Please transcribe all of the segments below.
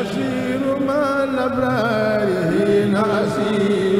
asiiru ma labraari na asiiru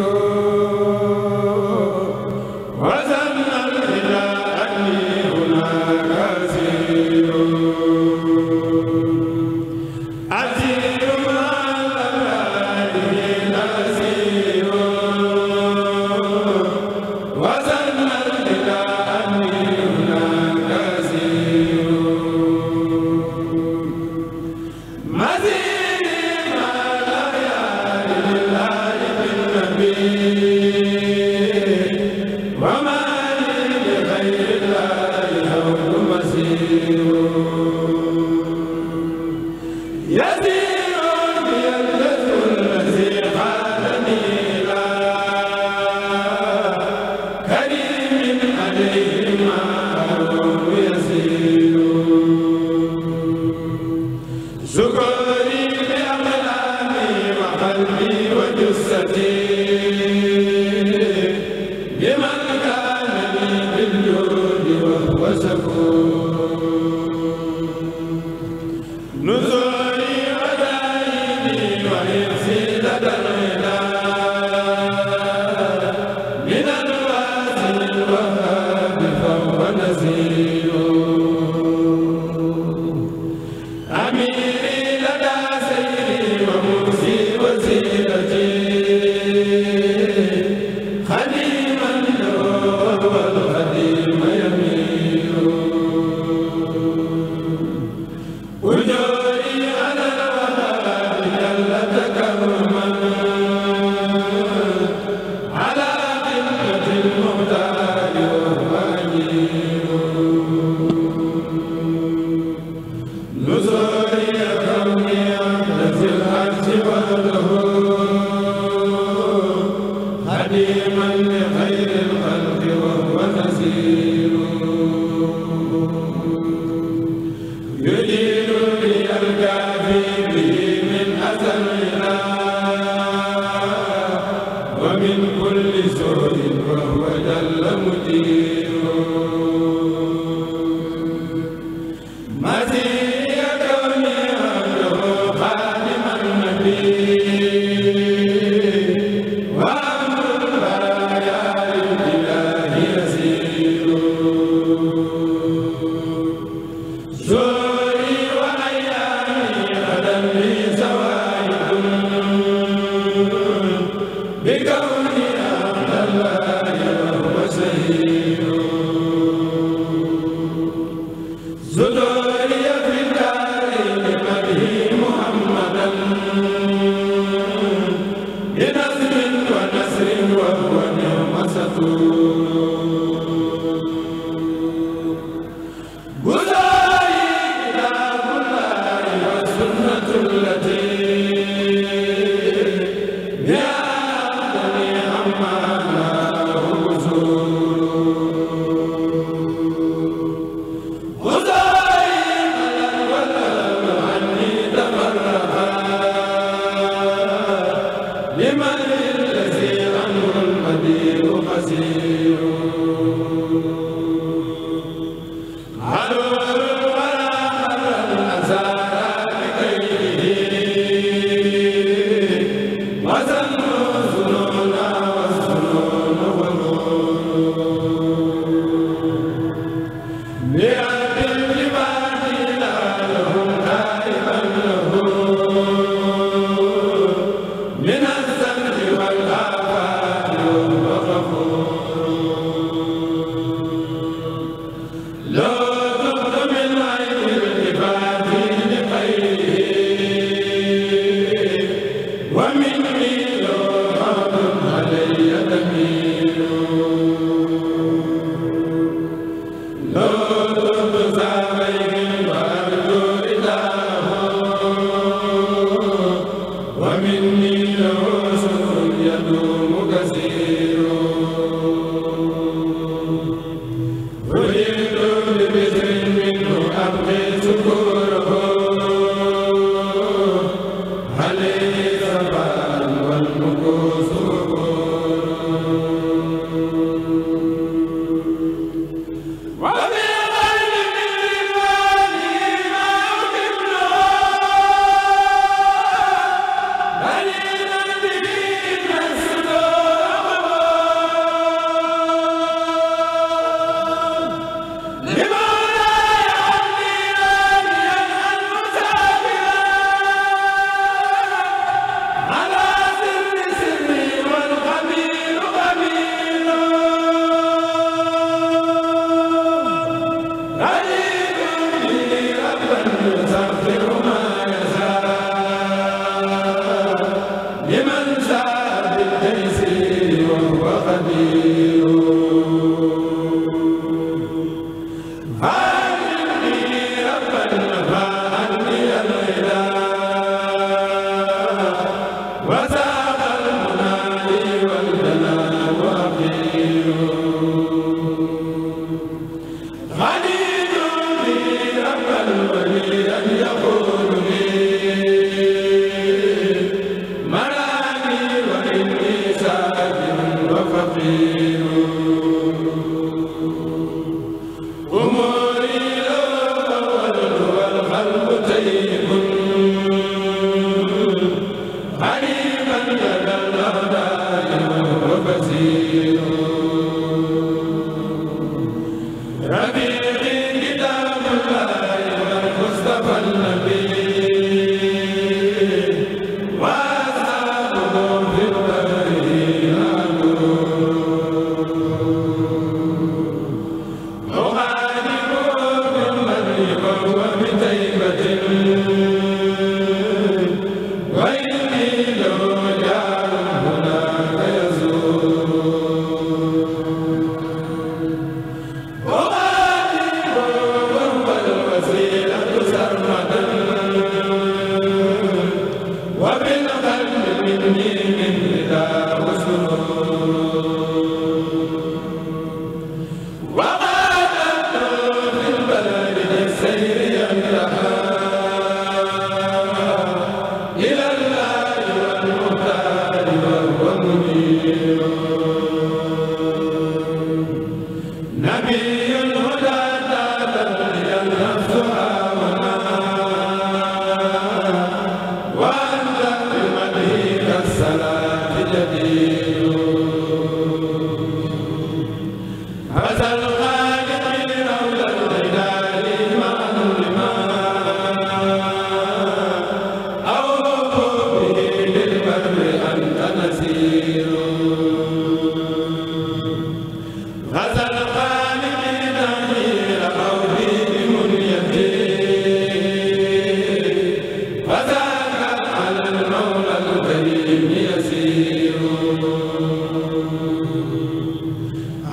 الجود الرب جل مدير الْمُسْتَقِيمِ amiin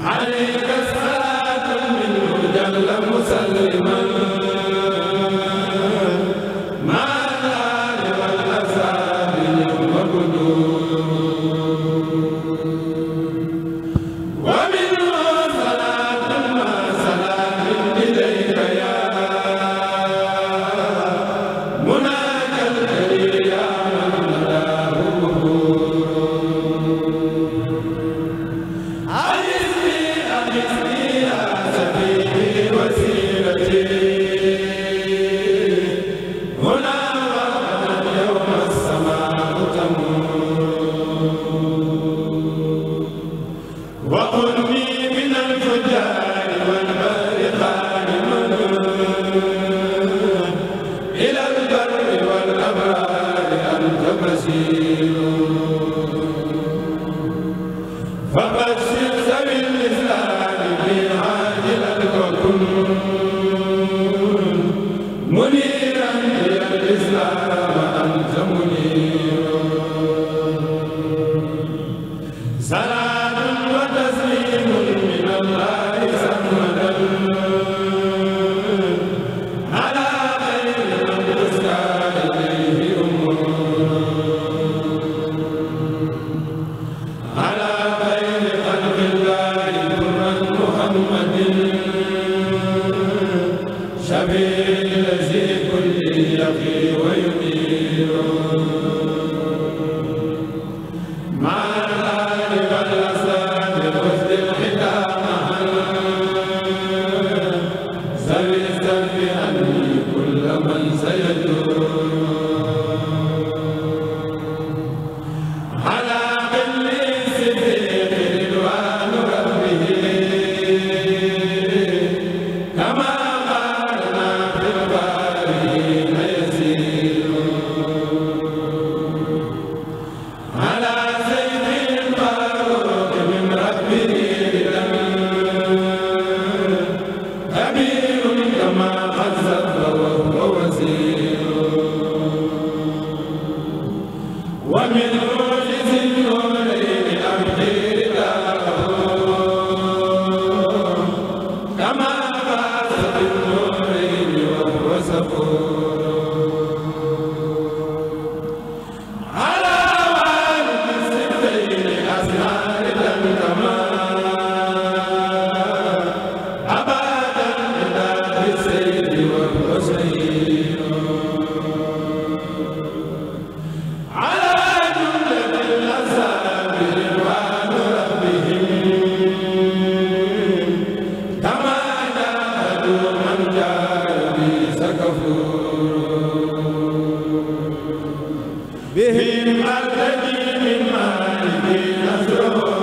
ale si بهم الذي من مالك نصره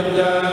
وحده